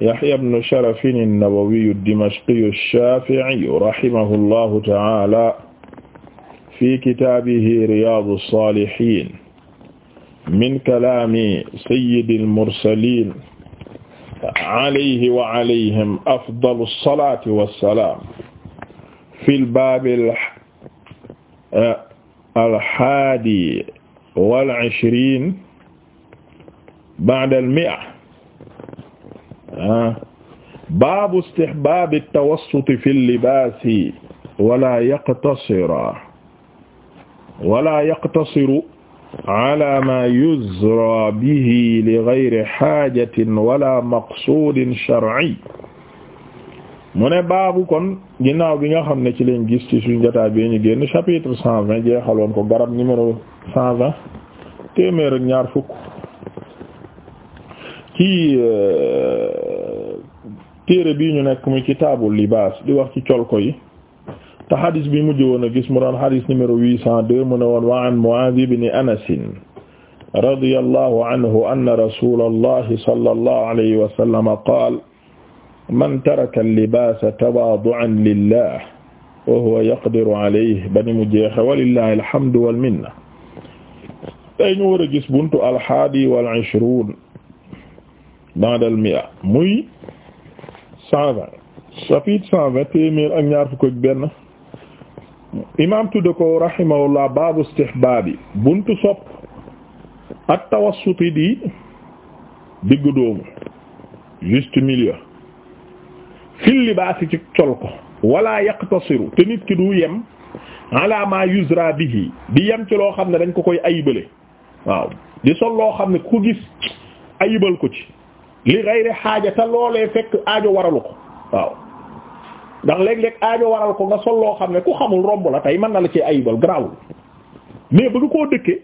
Yahya ibn Sharaf an-Nawawi ad-Dimashqi ash-Shafi'i rahimahu llahu ta'ala fi kitaabihi Riyadu as-Salihin min kalaami sayyidi al-mursalin alayhi wa alayhim afdalu as-salati was-salam fi al-baabi eh, al-haadi wal-ishriin ba'da al-mi'a baabu istihbaabi tawassuti fi libaasi wala yaqtasira wala yaqtasiru ala ma yuzra bihi li gayri xaajatin wala maqsuudin sharci mu ne baabu kon ginnaaw bi nga xam ne ci leen gis ci suñu jotaay bi ñu génn chapitre cent vingt jeexaloon ko garab numéro cent vingt téeméer ak ñaar fukk ci euh, téere bii ñu nekk muy kitaabul libaas di wax ci colko yi te xadis bi mujj woon a gis mu doon xadis numéro huit cent deux mu ne woon wa an Muaaz ibn Anas radiyallahu anhu anna rasulallahi sallallahu alayhi wa sallam qaala man taraka al-libaasa tawaadu'an lillah wa huwa yaqdiru alayhi bani mu jeexe walillahi alhamdu wal minna day ñu war a gis buntu al-haadi wal ishruun ba'dal mi'a muy cent vingt chapitre cent vingt téeméer ak ñaar fukk ak benn imam tudde ko rahimahullah baabu istihbaabi buntu sopp at tawassuti di diggu doomu juste milieu fil libaasi ci col ko wala yaqtasiru te nit ki du yem ala ma bihi di yem ci loo xam ne dañ ko koy ayibale waaw di sol loo xam ne ku gis ayibal ko ci li gayri xaaja te loolee fekk aajo waralu ko waaw ndax léeg-léeg aajo waral ko nga sol loo xam ne ku xamul romb la tey man na la ci ayibal garaawul mais bëgg koo dëkkee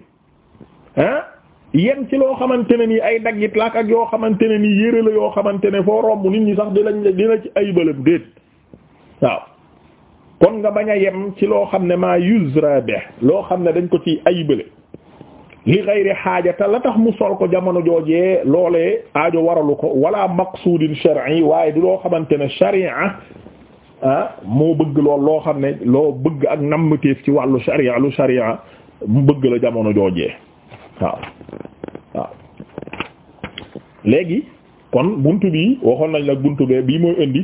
ah yem ci loo xamante ne nii ay daggit laak ak yoo xamante ne nii yére la yoo xamante ne foo romb nit ñi sax dinañ dina ci ayibalam déet waaw kon nga bañ a yem ci loo xam ne maa yusra be loo xam ne dañ ko ci ayibale li gayri xaaja la tax mu sol ko jamono joojee loolee aajo waralu ko wala maqsuudin shar'i waaye du loo xamante ne sharia ah moo bëgg lool loo xam ne loo bëgg ak nammateef ci wàllu sharia lu bëgg la jamono jooje waaw kon bunt bi waxoon nañ la buntu bee bii mooy indi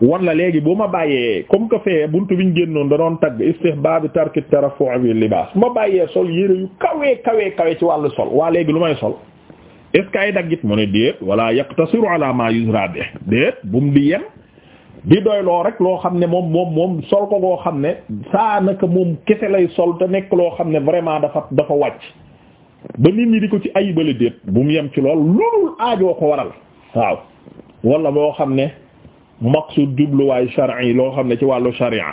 wan la léegi boo ma bàyyee comme que fee bi ñu génnoon da doon tagg istihbab tarki tarafu' bi libaas ma bàyyee sol yére yu kawee kawee kawe ci wàllu sol waa léegi lu may sol est ce que ay daggit mu ne déet wala yaqtasiru ala ma yuzra bi déet bumu di yem di doy rek loo xam ne moom moom moom sol ko goo xam ne saa naka moom kese lay sol te nekk loo xam ne vraiment dafa dafa wàcc ba nit ñi di ko ci ayibale déet bu mu yem ci lool ko waral waaw wala boo xam ne maqsud jubluwaay shar'i loo xam ne ci wàllu sharia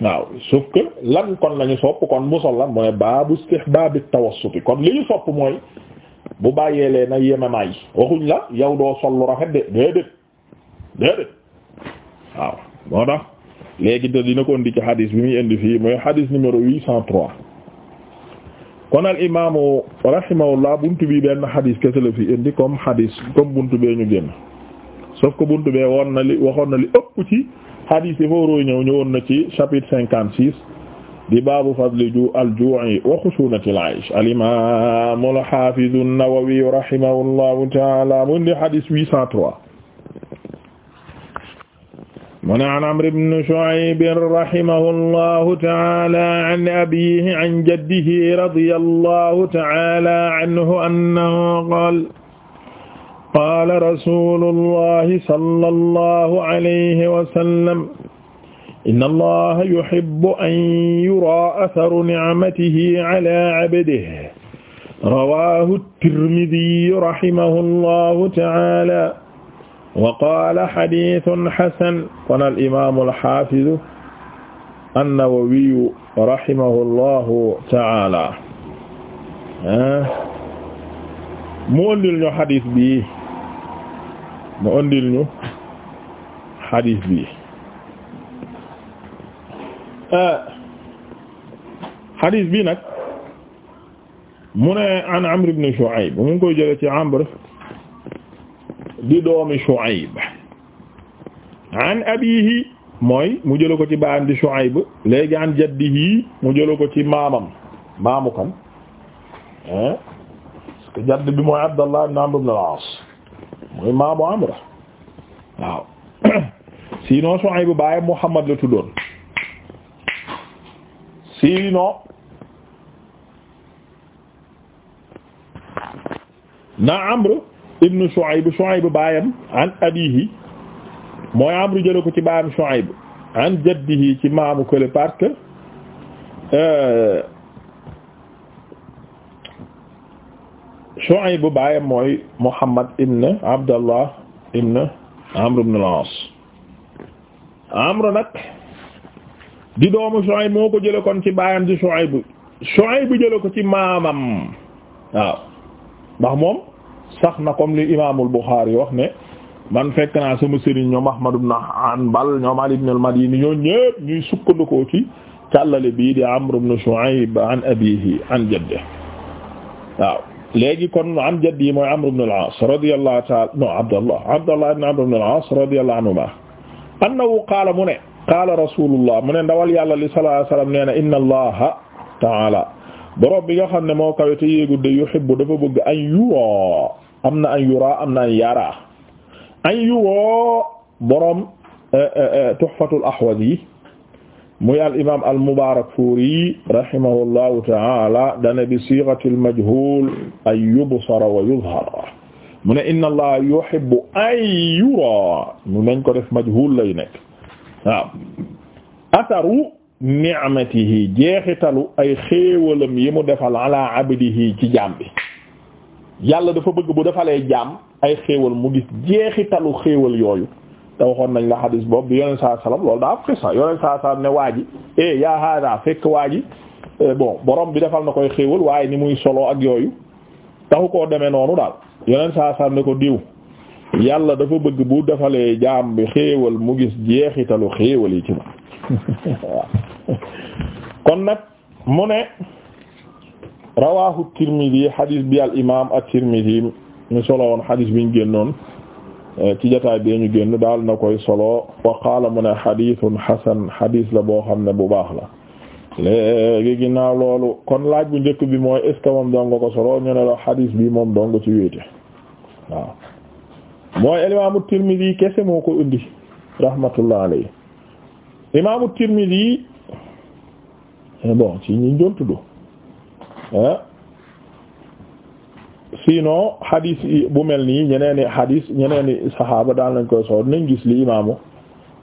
waaw sauf que lan kon lañu sopp kon bu sol lan mu ne baabu istihbaabi tawassuti kon li ñu sopp mooy bu bàyyee leen a yemamaay waxuñ la yow doo sol lu rafet de déedéet déedéet waaw moo tax léegi te dina ko indi ci hadis bi muy indi fii mooy hadis numéro huit cent trois kon al imaamu rahimahullah buntu bi benn xadis kese la fi comme xadis comme buntu bee ñu génn sauf buntu bee woon na li waxoon na li ëpp ci xadis yi fooroo ñëw ñëwoon na ci chapitre cinquante six di baabu fadli ju al ju'i wa xushunatil aysh al imaamu al xaafizu mu ne an amr ibn shu'ayb rahimahullahu ta'ala an abihi an jaddihi radiyallahu ta'ala anhu annahu qaala qaala rasulullahi sallallahu alayhi wa sallam inna allaha yuhibbu an yuraa atharu ni'matihi ala abdihi rawahu at-tirmidhi rahimahullahu ta'ala wa qaala xadiisun xasan kon al imaamu alxaafidu annawawiyu rahimahu llahu taala mu ëndil ñu xadis bii mu ëndil ñu xadis bii xadis bii nag mu ne an Amr ibn Shu'ayb mu ngi koy jëlee ci Amr di doomi Shu'ayb an abiihi mooy mu jëla ko ci baayam di Shu'ayb léegi an jaddihi mu jëla ko ci maamam maamu kan hein jadd bi mooy Abdallah ibn Amr ibn al-As mooy maamu Amr waaw sinon Shu'ayb baayam Muhammad la tuddoon sinon na Amr ibnu Shuayb Shuayb baayam an abiihi mooy Amru jële ko ci baayam Shuayb an jaddihi ci maamu kële parce que euh, Shuayb baayam mooy Muhammad ibn Abdallah ibn Amr ibn al-As Amr nag di doomu Shuayb moo ko jële kon ci baayam di Shuayb Shuayb jële ko ci maamam waaw sax na comme li imaamul Buxaari wax ne man fekk naa sama sëriñ Ali ibn al-Madini ñoo ñëpp ñuy sukkandikoo ci càllale bii di Amr ibn Shu'ayb léegi kon an jaddihi mooy Amr ibn al-As radiyallahu ta'ala non Abdallah Abdallah ibn Amr ibn al-As radiyallahu anhuma annahu qaala mu ne qaala rasulullah ndawal yàlla li sallallahu alayhi wasallam nee an yura am na an yura am na an yara an yuwoo boroom eh, eh, eh, tuhfatul ahwazi muy al imaam al mubaarakfuuri rahimahullahu ta'ala dana bi siigatil majhuul an yubsara wa yuzhar mu ne inna allaha yuhibbu an yura mu nañ ko def majhuul lay nekk waaw asaru ni'matihi jeexitalu ay xéewalam yi mu defal ala abdihi ci jaam bi yàlla dafa bëgg bu defalee jaam ay xéewal mu gis jeexitalu xéewal yooyu te waxoon nañ la xadis boobu bi yoneen saa salam loolu daa am xisa saa salam ne waa ji e yaa fekk waa ji eh, bon boroom bi defal na koy xéewal waaye ni muy solo ak yooyu taxu koo demee noonu daal yoneen saa salam ne ko diw yàlla dafa bëgg bu defalee jaam bi xéewal mu gis jeexitalu xéewal yi ci ma kon nag mu ne rawahu tirmidi hadis bi al imam at-tirmidi ñu solo woon hadis biñ génnoon eh, ci jotaay bi ñu génn daal na koy solo wa qaala mu ne hadithun hasan hadis la boo xam ne bu baax la léegi ginnaaw loolu kon laaj bu njëkk bi mooy est moom dong ko solo ñu ne la hadis bi moom dong ci wéete waaw mooy imaamu Tirmidi kese moo ko indi rahmatullah alayhi imaamu Tirmidi eh, ci ñi doon sinon no yi bu mel ni ñeneeni hadith ñeneeni saxaaba daal nañ koy soxla nañ gis li imaamu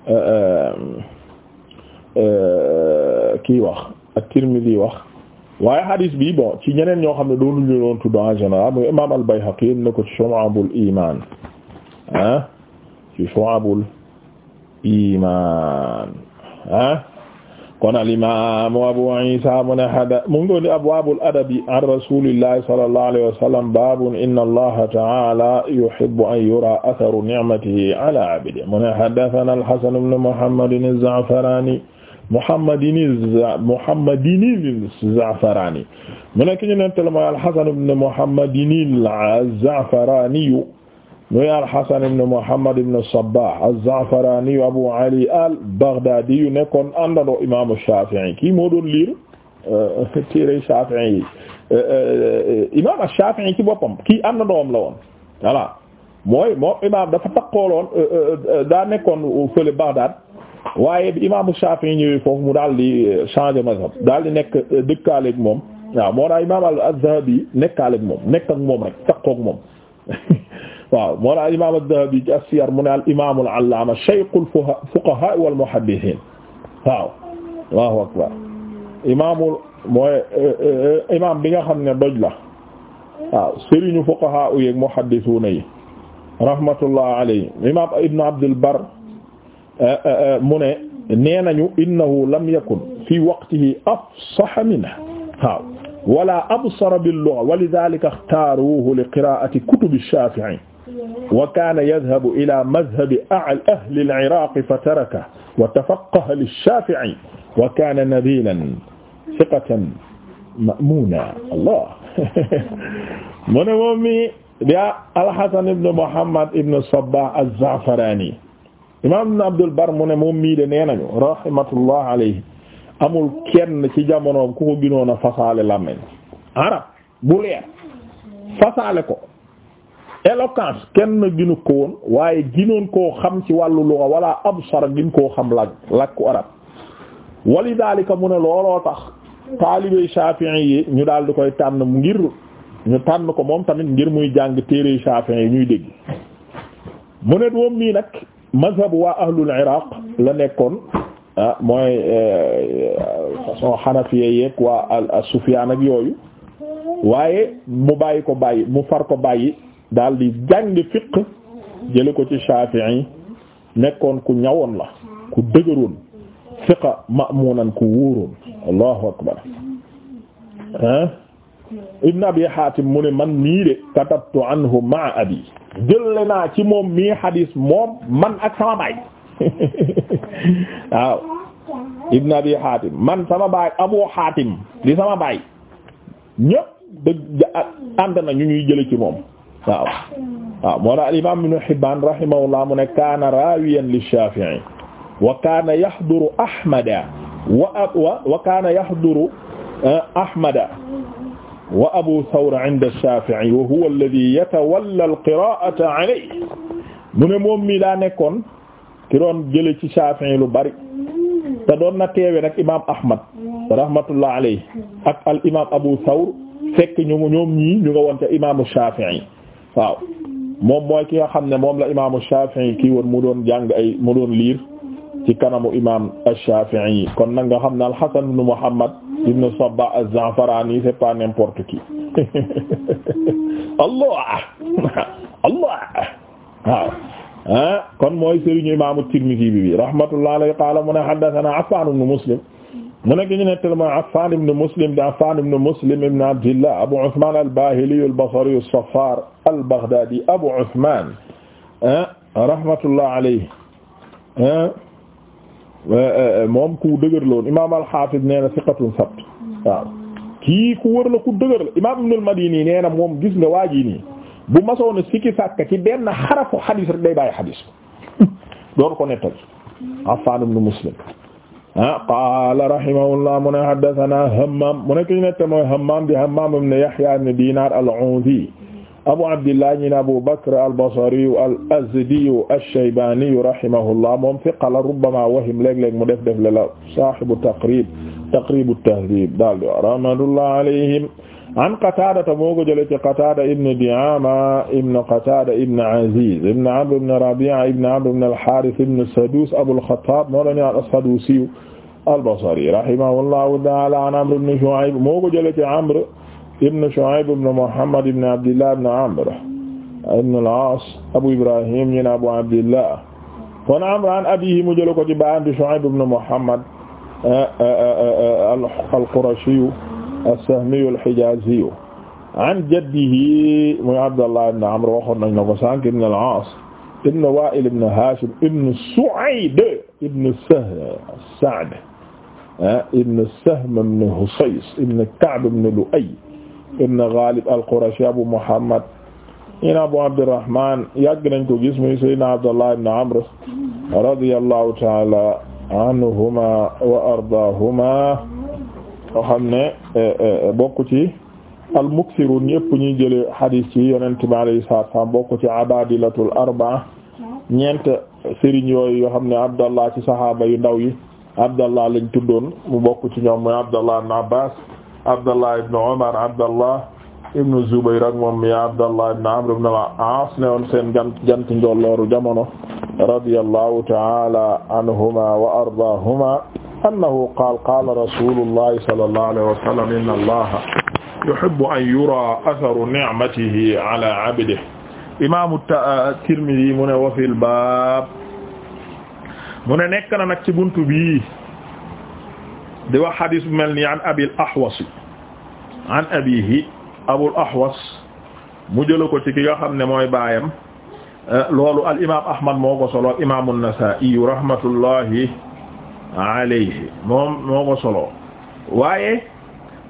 euh, euh, euh, kii wax ak Tirmidhi wax waaye hadith bi bon ci ñeneen ñoo xam ne doonu ñu doon tudd en général muy imaam al-Bayhaqi na ko ci Shu'abul Iman ah ci Shu'abul Iman ah kon alimamu abou isa mu ne hada mu ngi doon abwaabul adabi an rasulillahi sallallahu alayhi wa sallam babun inna allaha taala yuhibbu an yura atharu ni'matihi ala abdihi mu ne haddathana al-hasan ibn muhammadin az-za'farani muhammadin muhammadin az-za'farani mu nekk ñu nettali mooy al-hasan ibn muhammadin az-za'farani muy al-Hasan ibn Muhammad ibn Sabbah az-Za'farani Abu Ali al-Baghdadi yu nekkoon àndandoo imaamu Shafi'i kii moo doon liir euh, téere Shafi'i yi euh, euh, imaam Shafi'i ci boppam kii àndandoom la woon voilà mooy moom imaam dafa takkooloon daa nekkoon fële Baghdad waaye bi imaamu Shafi'i ñëwee foofu mu daal di changer mazhab daal di nekk dëkkaaleeg moom waaw moo daal imaam al-Zahabi nekkaaleeg moom nekk ak moom rek takkoog moom. waaw moo la imam ad-Dhahabi ci as-Siyar mu ne al imam al-allaama shaykhul fuqahaa wal muhaddisiin waaw Allahu akbar imaamul mooy e, e, e, imam bi nga xam ne doj la waaw sëriñu fuqahaa u yeeg muhaddisuuna yi rahmatullah alayhi imam ibn Abdul Barr mu ne nee nañu innahu lam yakun fi waqtihi afsaha minhu waaw wala absara bil lugha wa lidhalika ikhtaaruhu li qiraa'ati kutubi ash-Shaafi'i wa kaana yadhabu ila madhabi ahli al-Iraq fa tarakahu wa tafaqqaha lish-Shafi'i wa kaana nabilan thiqatan ma'munan Allah mu ne moom mi da al-Hasan ibn Muhammad ibn Sabbah az-Za'farani imam ibn Abdul Barr mu ne moom mii de nee nañu rahmatullah alayhi amul kenn ci jamonoom ku ko gënoon a fasaale làmmeñ arab bu leer fasaale ko éloquence kenn ginu ko woon waaye ginoon koo xam ci wàllu luga wala absar gin koo xam lak lakku arab walidaalika mu ne looloo tax taalibey Shafi'i yi ñu daal di koy tànn ngir ñu tànn ko moom tamit ngir muy jàng téere Shafi'i yi ñuy dégg mu ne moom mii nag mazhab waa ahlul iraq la nekkoon ah mooy façon eh, xanafiya yeeg waa al Sufyaan ak yooyu waaye mu bàyyi ko bàyyi mu far ko bàyyi daal di jàng fiq jële ko ci Shafi'i nekkoon ku ñawoon la ku dëgëroon fiqa ma'munan ku wóoroon allahu akbar ah ibn abi hatim mu ne man mii de katabtu anhu ma'a abi jëlle naa ci moom mii hadis moom man ak sama baay waaw ibn abi hatim man sama baay abu hatim di sama baay ñépp dëgg ànd na ñu ñuy jële ci moom waaw waaw moo tax al-imaam ibn Hibbaan rahimahullah mu ne kaana raawiyan li Shaafi'i wa kaana yahduru Ahmada wa wa wa kaana yahduru eh, Ahmada wa Abu Thawr inda Shaafi'i wa huwa alladhii yatawallaa al-qiraa'ata alayhi mu ne moom mii daa nekkoon ki doon jële ci Shaafi'i lu bari te doon na teewe nag imaam Ahmad rahmatullah alayhi ak al imaam Abu Thawr fekk ñu ñoom ñii ñu nga woon ca imaamu Shaafi'i waaw moom mooy ki nga xam ne moom la imaamu Shafi'i kii woon mu doon jàng ay mu doon liir ci kanamu imaam Shafi'i kon nag nga xam ne al-Hasan ibn Muhammad ibn Sabba az-Za'farani c'est pas n'importe qui Allah Allah waaw ah kon mooy sëriñu imaamu Tirmidhi bi bi rahmatullahi alayhi qaala mu ne haddathana Affan ibn Muslim mu nekk ñu nettali mooy Affan ibn Muslim di Affan ibn Muslim ibn Abdillah Abu Usman al-Bahili al-Basri as-Saffar al-Baghdadi Abu Usman ah, rahmatullah alayhi ah, moom ku dëgër la woon imaam al-Hafiz nee na thiqatun sabt waaw kii ku wër la ku dëgër la imaam Ibn al-Madini nee na moom gis nga waa ji nii bu masoon a sikki sàkka ci benn xarafu xadis rek day bàyyi xadis door ko nettali Affan ibn Muslim Ah, qaala rahimahullah mu ne haddathana Hammaam mu nekk ñu nekk mooy Hammaam di Hammaam ibn Yahya ibn Diinaar al-Uudi Abu Abdillah ibn Abu Bakr al-Basri al-Azdi ash-Shaybaani rahimahullah moom thiqa la rubbama wahim léeg-léeg mu def def la saahibu taqrib taqrib at-tahdhib daal rahmatullah alayhim an Qataadata moo ko jëlee ci Qataada ibn Di'aama ibn Qataada ibn Aziz ibn Amr ibn Rabi'a ibn Amr ibn al-Haarith ibn Saduus Abul Xattaab moo doon ñaan as-Saduusi al-Basri rahimahullahu ta'aala an Amr ibn Shu'ayb moo ko jëlee ci Amr ibn Shu'ayb ibn Muhammad ibn Abdillah ibn Amr ibn al-Aas Abu Ibrahim ñu ne Abu Abdillah kon Amr an abiihi mu jëlee ko ci baayam di Shu'ayb ibn Muhammad eh, eh, eh, al-Qurashi as-Sahmiyu al-Hijaaziyu an jaddihi muy Abdallah ibn Amr waxoon nañ la ko sànq ibn al-Aas ibn Waa'il ibn Haashim ibn Su'ayd ibn Sahl Sa'd ibn Sahm ibn Husays ibn Ka'b ibn Lu'ay ibn Ghalib al-Qurashi Abu Muhammad ina Abu Abdirrahman yàgg nañ ko gis muy Sayyidina Abdallah ibn Amr radiyallahu ta'ala anhuma wa ardaahuma yoo xam ne eh, eh, eh, bokk ci al-muksirun ñëpp ñuy jëlee hadis ci yonent bi alayhi salaatu salaam bokk ci abadilatul arba'a ñeent sëriñ yooyu yoo xam ne abdallah ci saxaaba yu ndaw yi abdallah lañ tuddoon mu bokk ci ñoom mooy abdallah ibn abbas abdallah ibn umar abdallah ibn zubayr ak moom mi abdallah ibn jamono radiyallahu ta'ala anhuma wa ardaahuma annahu qaala qaala rasuulullahi sallallahu alayhi wa sallam inna allaha yuhibbu an yuraa atharu ni'matihi ala abdihi imaamu Tirmidi mu ne wa fil baab mu ne nekk na nag ci buntu bii di wax xadiis bu mel nii an abil ahwas an abihi abul ahwas mu jëla ko ci ki nga xam ne mooy baayam loolu al imaam Ahmad moo ko solo imaamu Nasaa'i rahmatullahi alayhi moom moo ko solo waaye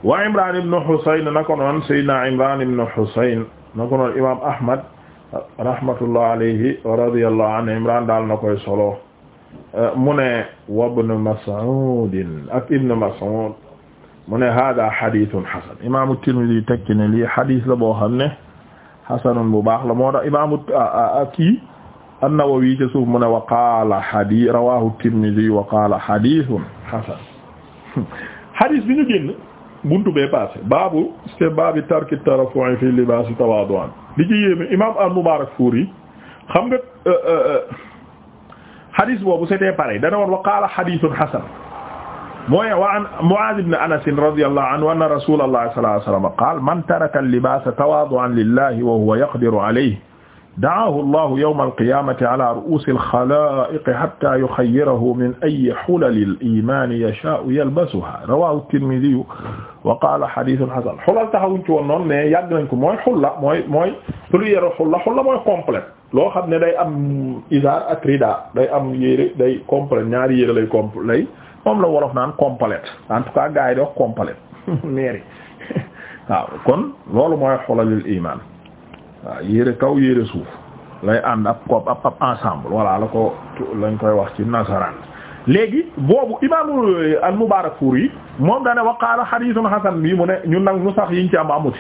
wa imran ibnu husayn na ko noon sayyidina imran ibnu husayn na ko noon imam ahmad rahmatullah alayhi wa radiyallahu anhu imran daal na koy solo mu ne wa ibnu mas'ud ak ibnu mas'ud mu ne hada hadithun hasan imam at-tirmidhi tekki ne lii hadith la boo xam ne hasanun bu baax la moo tax imam kii an-Nawawi ca suuf mu ne wa qaala hadith rawahu Tirmidhi wa qaala hadithun hasan hadith bi ñu génn buntu bee passé baabu c'est baabi tarki tarafu'i fi libaasi tawaadu'an li ci yéeme imam al-Mubarakfuri xam nga euh, euh, euh, hadith boobu c'était pareil dana woon wa qaala hadithun hasan mooy wa an Mu'aaz ibn Anas radiyallahu anhu anna rasuulallahi sallallahu alayhi wa sallam qaala man taraka al-libaasa tawaadu'an lillahi wa huwa yaqdiru alayhi da'aahu Allahu yawma al-qiyaamati ala ru'uusi al-xalaa'iqi hattaa yuxayyirahu min ayyi xulali al-iimaani yashaa'u yalbasuhaa rawaahu at-Tirmidhi wa qaala hadiisun hasan xulal taxawuñ ci woon noonu mais yàgg nañ ko mooy xulla mooy mooy pluriel xulla xulla mooy complet loo xam ne day am izaar ak rida day am yére day complet ñaari yére lay complet moom la wolof naan complet en tout cas gars yi di wax complet mairie waaw kon loolu mooy xulalul iimaan waaw yére kaw yére suuf lay ànd ab koop ab ensemble voilà la ko lañ koy wax ci nasaraan léegi boobu imaamu euh, al yi moom dane wa qaala hadiisun hasan bii mu ne ñu nag nu sax yiñ ci am amuti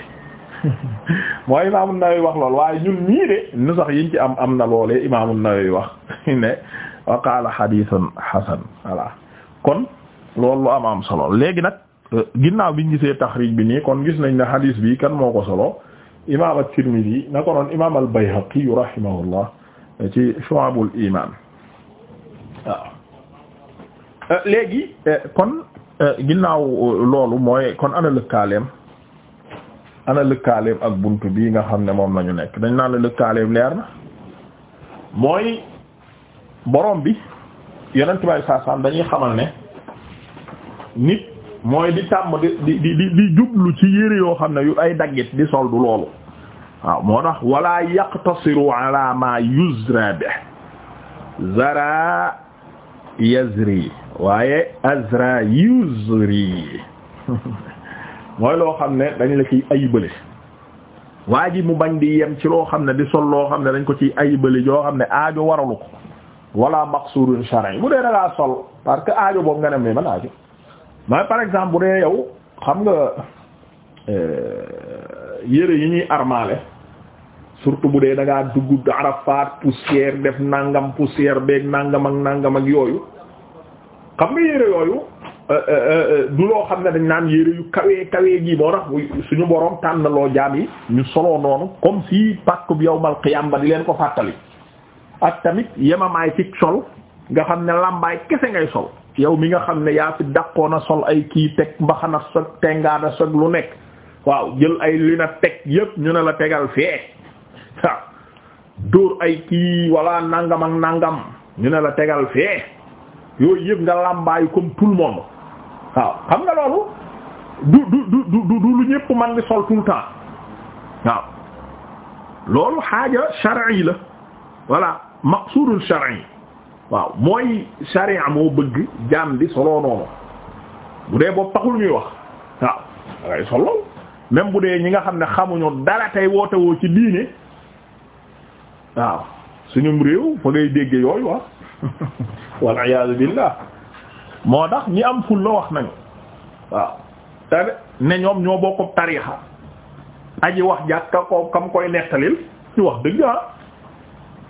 mooy imaamu Nawawi wax lool waaye ñun ñii de nu sax yiñ ci am am na loolee imaamu Nawawi wax ne wa qaala hadiisun hasan voilà kon loolu lu am am solo léegi nag euh, ginnaaw biñ gisee taxriij bi nii kon gis nañ ne hadis bii kan moo ko solo imaam at-Tirmidhi na ko noon imaam al-Bayhaqi rahimahullah ci Shu'abul Iman waaw léegi kon ginnaaw loolu mooy kon ana lëkkaaleem ana lëkkaaleem ak bunt bi nga xam ne moom la nekk dañ naan la lëkkaaleem leer na mooy borom bi yonent bay saasaan dañuy xamal ne nit mooy di tàmm di di di di jublu ci yére yoo xam ne yu ay daggit di sol du loolu waaw moo tax wala yaqtasiru ala ma yuzra be zara yazri waaye azra yuzri mooy loo xam ne dañ la ciy ayibale waa ji mu bañ di yem ci loo xam ne di sol loo xam ne dañ ko ci ay ayibale joo xam ne aajo waralu ko walaa wala maqsurun shar'i bu dee da ngaa sol parce que aajo boobu nga ne mais man aajo mais par exemple bu dee yow xam nga euh, yére yi ñuy armaale surtout bu dee da ngaa dugg Arafat poussière def nangam poussière beeg nangam ak nangam ak yooyu xam nga yére yooyu euh, euh, euh, du loo xam ne dañ naan yére yu kawee kawee gi moo tax suñu borom tànnaloo loo jaam yi ñu soloo noonu comme si pàkk yow yawmal qiyaam ba di leen ko fàttali ak tamit yemamaay ci sol nga xam ne làmbaay kese ngay sol yow mi nga xam ne yaa fi dàqoon a sol ay kii teg mbaxana sag tengaana sag lu nekk waaw jël ay li na teg yépp ñu ne la tegal fee waaw dóor ay kii walla nangam ak nangam ñu ne la tegal fee yooyu yépp nga làmbaayu comme tout le monde waaw xam nga loolu du du du du lu ñépp man di sol tout le temps waaw loolu xaaja shar'i la voilà maqsuudul shar'i waaw mooy sharia moo bëgg jaam di solo noonu bu dee boobu taxul ñuy wax waaw dangay solo même bu dee ñi nga xam ne xamuñu dara tey woote ci diine waaw suñum réew fa ngay dégge yooyu wax ah. wal iyaadu billah moo tax ñi am ful wax nañu waaw te ne ñoom ñoo bokk tariixa aji wax jàkka ko kam koy nettalil ci wax dëgg ah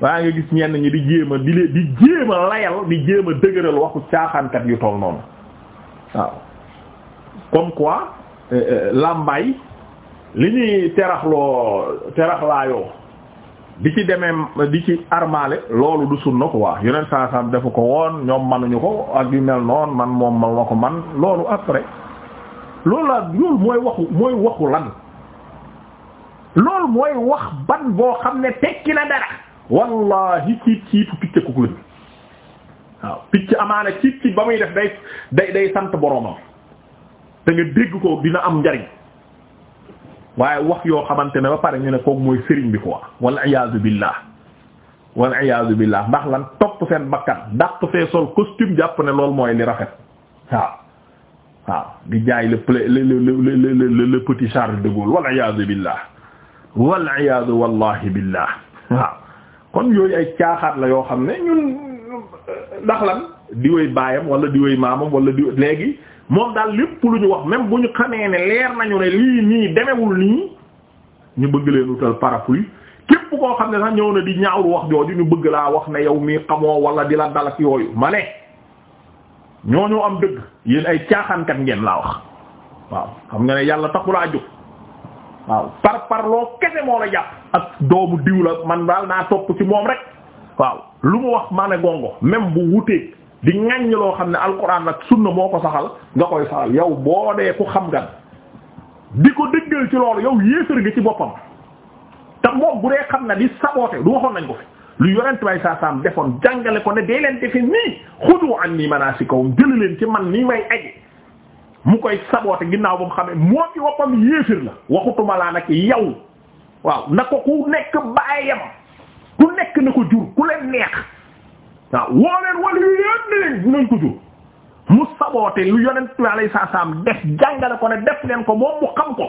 waa nga gis ñenn ñi di jéem a di lee di jéem a layal di jéem a dëgëral waxu caaxaankat yu toll noonu waaw comme quoi euh, euh, làmbaay li ñuy teraxloo teraxlaayoo di ci demee di ci armaale loolu du sunna ko waa yeneen saa saam defu ko woon ñoom manuñu ko ak yu mel noonu man moom ma ko man loolu après loolu la mooy waxu mooy waxu lan loolu mooy wax ban boo xam ne tekki na dara wallahi ciib ciitu picc ku la waaw picc amaana ciib ci ba muy def day day day sant boromam te nga dégg ko dina am njariñ waaye wax yoo xamante ne ba pare ñu ne kooku mooy sëriñ bi ko quoi wal iyaazu billah wal iyaazu billah ndax lan topp seen bakkan dàq fee sol costume jàpp ne loolu mooy li rafet waaw waaw di jaay le le le le petit Charles de Gaulle wal iyaazu billah wal iyaazu wallahi billah waaw kon yooyu ay caaxaat la yoo xam ne ñun ndax lan diwey baayam wala diwey maamam wala diw léegi. moom daal lépp lu ñu wax même bu ñu xamee ne leer nañu ne lii nii demewul nii ñu bëgg leen utal parapluie képp koo xam ne sax ñëw na di ñaawru wax jooju ñu bëgg laa wax ne yow mii xamoo wala di la dalak yooyu ma ne ñooñoo am dëgg yéen ay caaxaankat ngeen laa wax waaw xam nga ne yàlla taxulaa jóg waaw par par loo kese moo la jàpp ak doomu diw man daal naa topp ci moom rek waaw lu mu wax maa ne gongo même bu wuteeg di ŋaññ loo xam ne alquran ak sunna moo ko saxal nga koy saxal yow boo dee ku xam gan di ko dëggal ci loolu yow yéefar nga ci boppam te moom bu dee xam na di saboote du waxoon nañ ko fi lu yorent bay saa saam defoon jàngale ko ne dee leen defe nii xudu anni manasikakum jëli leen ci man nii may aje mu koy saboote ginnaaw ba mu xamee moo ci boppam yéefar la waxutuma laa nag yow waaw na ko ku nekk baayam ku nekk na ko jur ku leen neex waaw woo leen wala yu yëpp ne leen ko jur mu saboote lu yonent bi alayhi def jàngale ko ne def leen ko moom mu xam ko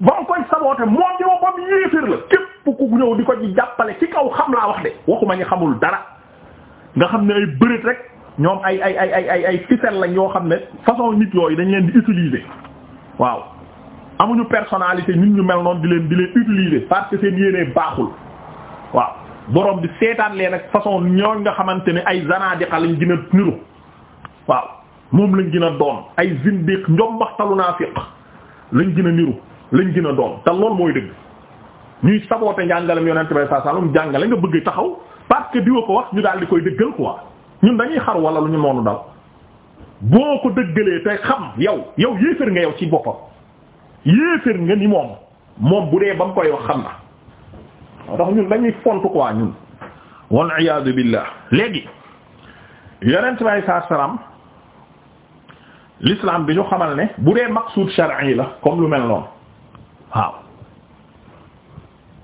ba nga koy saboote moom ci boppam yéefir la képp ku ñëw di ko ci jàppale ci kaw xam laa wax de waxuma ñu xamul dara nga xam ne ay bërit rek ñoom ay ay ay ay ay ay ficelle lañ yoo xam ne façon nit yooyu dañ leen di utiliser waaw amuñu personnalité nit ñu mel noonu di leen di leen utiliser parce que seen yéenee baaxul waaw borom bi seetaan leen ak façon ñooñ nga xamante ne ay zanadiqa lañ gën a niru waaw moom lañ gën a doon ay zindiq njombaxtalu naafiq lañ gën a niru lañ gën a doon te loolu mooy dëgg ñuy saboote njàngalem yonent bay saa sallam jàngale nga bëgg taxaw parce que diwa ko wax ñu daal di koy dëggal quoi ñun dañuy xar wala lu ñu noonu dal boo ko dëggalee te xam yow yow yéefér nga yow ci boppam yéefér nga ni moom moom bu dee ba mu koy wax xam na ndax ñun dañuy font quoi ñun wal iyaadu billah léegi yonent bi saa salaam l'islam bi ñu xamal ne bu dee maqsuud shar'i la comme lu mel noonu waaw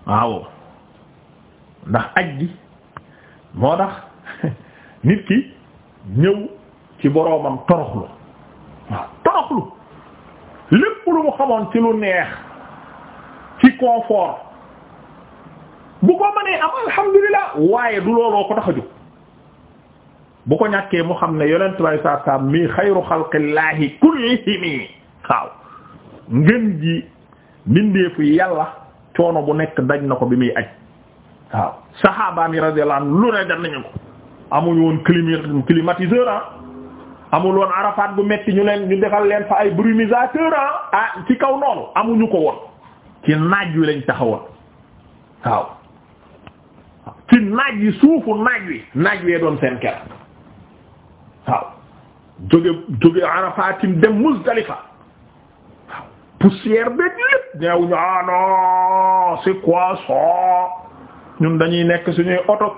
waaw ndax aj gi moo tax nit ki ñëw ci boroomam toroxlu waaw toroxlu lépp lu mu xamoon ci lu neex ci confort bu ko mënee am alhamdulilah waaye du looloo ko tax a jóg bu ko ñàkkee mu xam ne yonent bay saa saa mii xayru xalqillaahi kullihimi waaw ngën ji mbindeefu yàlla coono bu nekk daj na ko bi muy aj waaw saxaabaa mi radiyallahu lu ne nañu ko amuñu woon climatiseur ah amul woon arafaat bu metti ñu leen ñu defal leen fa ay brumisateur ah. ah ci kaw noonu amuñu ko woon ci naaj wi lañ taxawoon waaw ci naaj wi suufu naaj wi naaj wee doon seen kër waaw jóge jóge Arafaatim dem Muzdalifa waaw poussière beeg lépp neewuñu ah non ñun dañuy nekk suñuy auto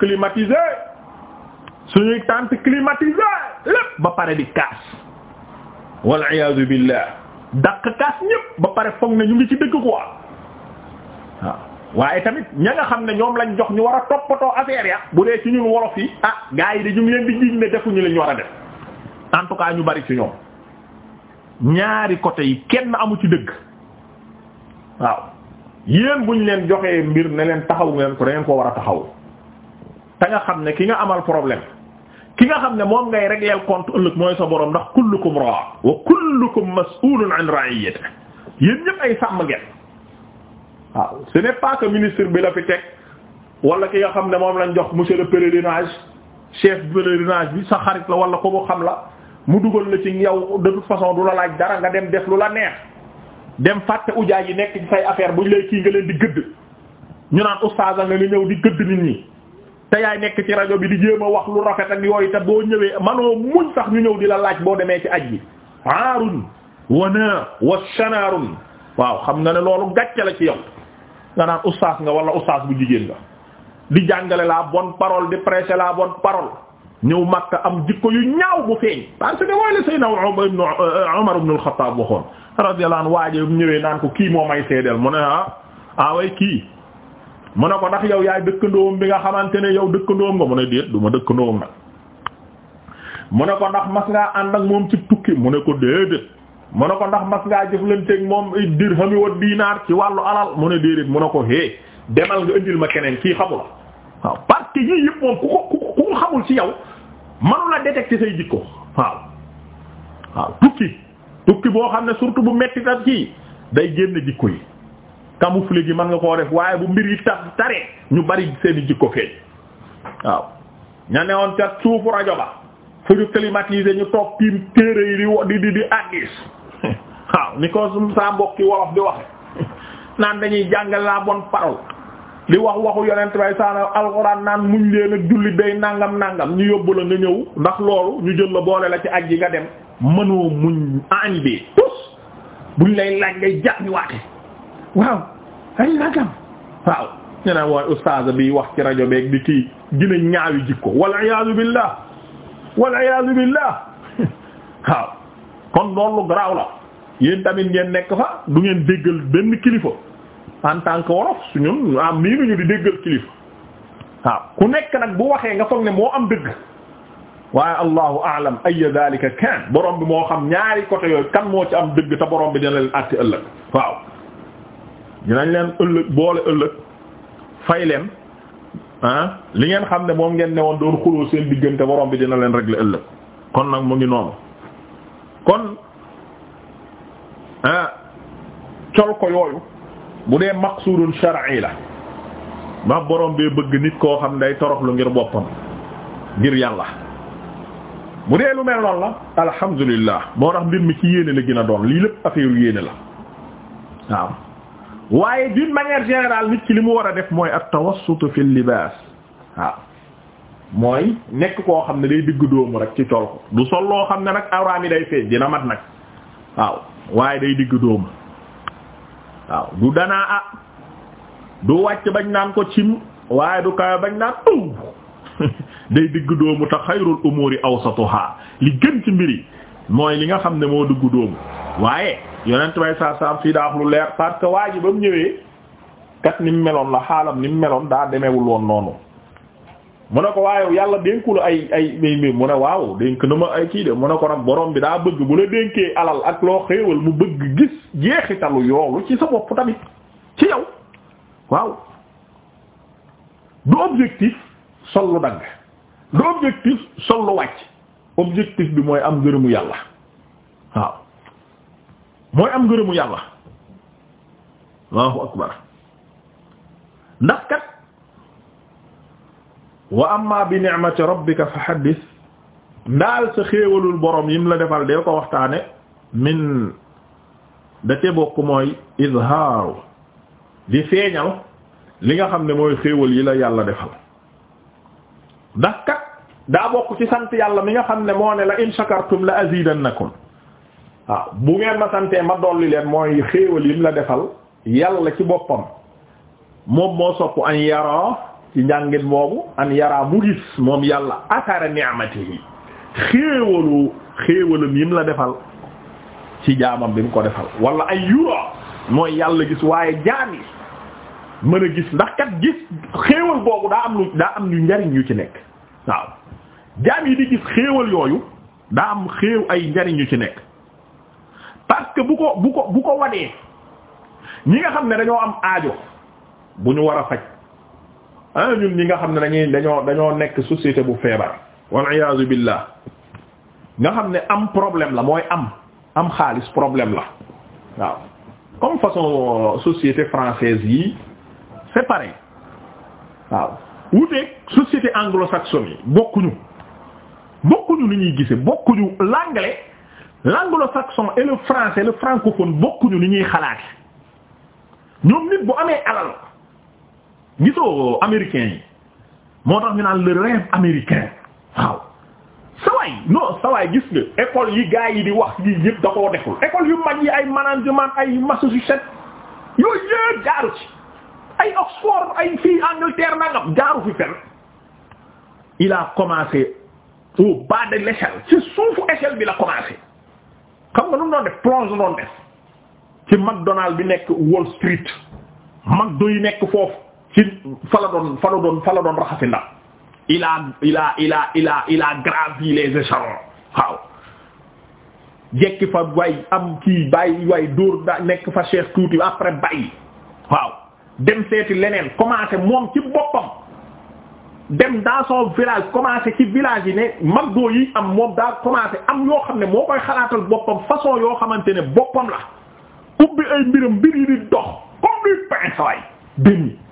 suñuy tant climatisé lépp ba pare di kaas wal iyaazu billah daq kaas ñëpp ba pare foog ne ñu ngi ci dëgg quoi waaw waaye tamit ña nga xam ne ñoom lañ jox ñu war a toppatoo affaire ya bu dee ci ñun wolof yi ah gars yi de ñu ngi leen di jiñ ne defuñu li ñu war a def en tout cas ñu bari ci ñoom ñaari côté yi kenn amu ci dëgg waaw yéen bu ñu leen joxee mbir ne leen taxaw leen ko da ngeen ko war a taxaw te nga xam ne ki nga amal problème ki nga xam ne moom ngay régler compte ëllëg mooy sa borom ndax kullukum ra wa kullukum mas'ulun an ra'iyatihi yéen ñëpp ay sàmm ngeen waaw ah, ce n'est pas que ministre bi la fi teg wala ki nga xam ne moom lañ jox monsieur le pèlerinage chef pèlerinage bi sa xarit la wala ko mu xam la mu dugal la ci yow de toute façon du la laaj dara nga dem def lu la neex dem fàtte ujaay yi nekk ci say affaire buñ lay kii nga leen di gëdd ñu naan oustaz nga ni ñëw di gëdd nit ñi te yaay nekk ci rajo bi di jéem a wax lu rafet ak yooyu te boo ñëwee manoo muñ sax ñu ñëw di la laaj boo demee ci aj yi aarun wana wa waaw xam nga ne loolu gàcce la ci yow nga naan ustaas nga wala ustaas bu jigéen nga di jàngale la bon parole di prêcher la bonne parole ñëw Makka am jikko yu ñaaw bu feeñ parce que mooy la Seydina Umar euh, ibn al-Khattab waxoon radiyallahu anhu waaje bu kii moo may seedeel mu ne ah, ah kii mu ne ko ndax yow yaay dëkkandoom bi nga xamante ne yow dëkkandoom nga mu ne déet du ma dëkkandoom nag mu ne ko ndax mas ngaa ànd ak moom ci tukki mu ne ko déedéet mu ne ko ndax mas ngaa jëflanteeg moom dirham wa diinaar ci wàllu alal mu ne déedéet mu ne ko hee demal nga indil ma keneen kii xamula waaw parce yii yëpp moom ku ko ku ko xamul ci yow manu la détecter say jikko waaw waaw tukki tukki boo xam ne surtout bu metti ta kii day génn jikko yi camoufle gi mën nga koo def waaye bu mbir yi tax tare ñu bari seeni jikko feeñ waaw ña ne suufu rajo ba fu ñu climatiser ñu toog tiim téere yi di di di waaw ni ko saa mbokki wolof di waxe naan dañuy jàng la bonne parole li wax waxu yonent bay saana alxuraan naan muñ leen ak jullit day nangam nangam ñu yóbbu la nga ñëw ndax loolu ñu jël la boole la ci ak yi nga dem mënoo muñ añ bi tus buñ lay laaj ngay jàpp ñu waate waaw ay nangam waaw ñu waaye ustaaz bi wax ci rajo beeg di kii gën ñaawi jikko wal iyaazu billah wal iyaazu billah waaw kon loolu garaaw la yéen tamit ngeen nekk fa du ngeen déggal benn kilifa en tant que wolof su ñun am ah, nii di déggal kilifa waaw ku nekk nag bu waxee nga foog ne moo am dëgg waaye allahu aalam ay dalika kan borom bi moo xam ñaari côté yooyu kan moo ci am dëgg te boroom bi dina leen àtte ëllëg waaw dinañ leen ëllëg boole ëllëg fay leen ah li ngeen xam ne moom ngeen ne woon doon xuloo seen diggante borom bi dina leen régler ëllëg kon nag mu ngi noonu kon ah col ko yooyu bu dee maqsuurun shar'i la ma borom bee bëgg nit koo xam day toroxlu ngir boppam ngir yàlla bu dee lu mel noonu la alhamdulillah moo tax mbir mi ci yéene la gën a doon lii lépp affaire yéene la waaw waaye d'une manière générale nit ki li mu war a def mooy at-tawassut fil libaas mooy nekk koo xam ne day diggu dóomu rek ci col ko du sol loo xam ne nag awraam yi day feeñ dina mat nag waaw waaye day diggu dóomu waaw du danaa a ah, du wàcc bañ naan ko cim waaye du kawe bañ naan ëw day diggu dóomu te xayrul umuri awsatuha li gën ci mbiri mooy li nga xam ne moo digg dóomu waaye yonent bay saa saam fii daa wax lu leer parce que waa ji ba mu ñëwee kat ni mu meloon la xaalam ni mu meloon daa demewul woon noonu mu ne ko waaye yàlla dénku ay ay ay mu waaw dénk na ma ay kii de mu ne ko nag borom bi daa bëgg bu la dénkee alal ak loo xéewal mu bëgg gis jeexitalu yoolu ci sa bopp tamit ci yow waaw du objectif sol lu dagg du objectif sol lu wàcc objectif bi mooy am ngërëmu yàlla waaw mooy am ngërëmu yàlla allahu akbar ndax kat wa amma bi ni'mati rabbika fa haddith ndaal sa xéewalul borom yim la defal dee ko waxtaane min da te bokk mooy izhaaru di feeñal li nga xam ne mooy xéewal yi la yàlla defal ndax kat daa bokk ci sant yàlla mi nga xam ne moo ne la in shakartum la azidannakum waaw bu ngeen ma santee ma dolli leen mooy xéewal yim la defal yàlla ci boppam moom moo sopp an yara ci njàngin moomu am yaraa mu gis moom yàlla asara ni'matihi xéewalu xéewalam yim la defal ci jaamam bi mu ko defal walla ay yura mooy yàlla gis waaye jaam yi mën a gis ndax kat gis xéewal boobu daa am lu daa am lu njariñ yu ci nekk waaw jaam yi di gis xéewal yooyu daa am xéew ay njariñ yu ci nekk parce que bu ko bu ko bu ko wadee ñi nga xam ne dañoo am aajo bu ñu war a faj ah ñun ñi nga xam ne dañuy dañoo dañoo nekk société bu feebar wal iyaazu billah nga xam ne am problème la mooy am am xaalis problème la waaw comme façon société française yi c'est waaw wuteeg société anglo-saxonne yi bokkuñu bokkuñu ni ñuy gise bokkuñu l'anglais l'anglo-saxon et le français le francophone bokkuñu ni ñuy xalaate ñoom nit bu amee alal gisoo américain moo tax ñu naan le rêve américain waaw sawaay non sawaay gis nga école yi gars yi di wax yi yëpp da koo deful école yu mag yi ay management ay Massachusetts yooyu yëpp jaaru ci ay Oxford ay fii Angleterre nangam jaaru fi fenn il a commencé au bas de l'échelle ci suufu échelle bi la commencé xam nga nu mu doon def plonge doon ci McDonald bi nekk Wall Street McDo yi nekk foofu ci fa la doon fa la doon fa la doon raxasi ndax il a il a waaw jekki fa way am kii bàyyi way dóor nekk fa cheikh tuuti après bàyyi waaw dem seeti leneen commencé moom ci boppam dem dans village commencé ci village yi ne magdoo yi am moom daa commencé am yoo xam ne moo koy xalaatal boppam façon yoo xamante ne boppam la ubbi ay mbiram mbir di dox comme luy pain saway dém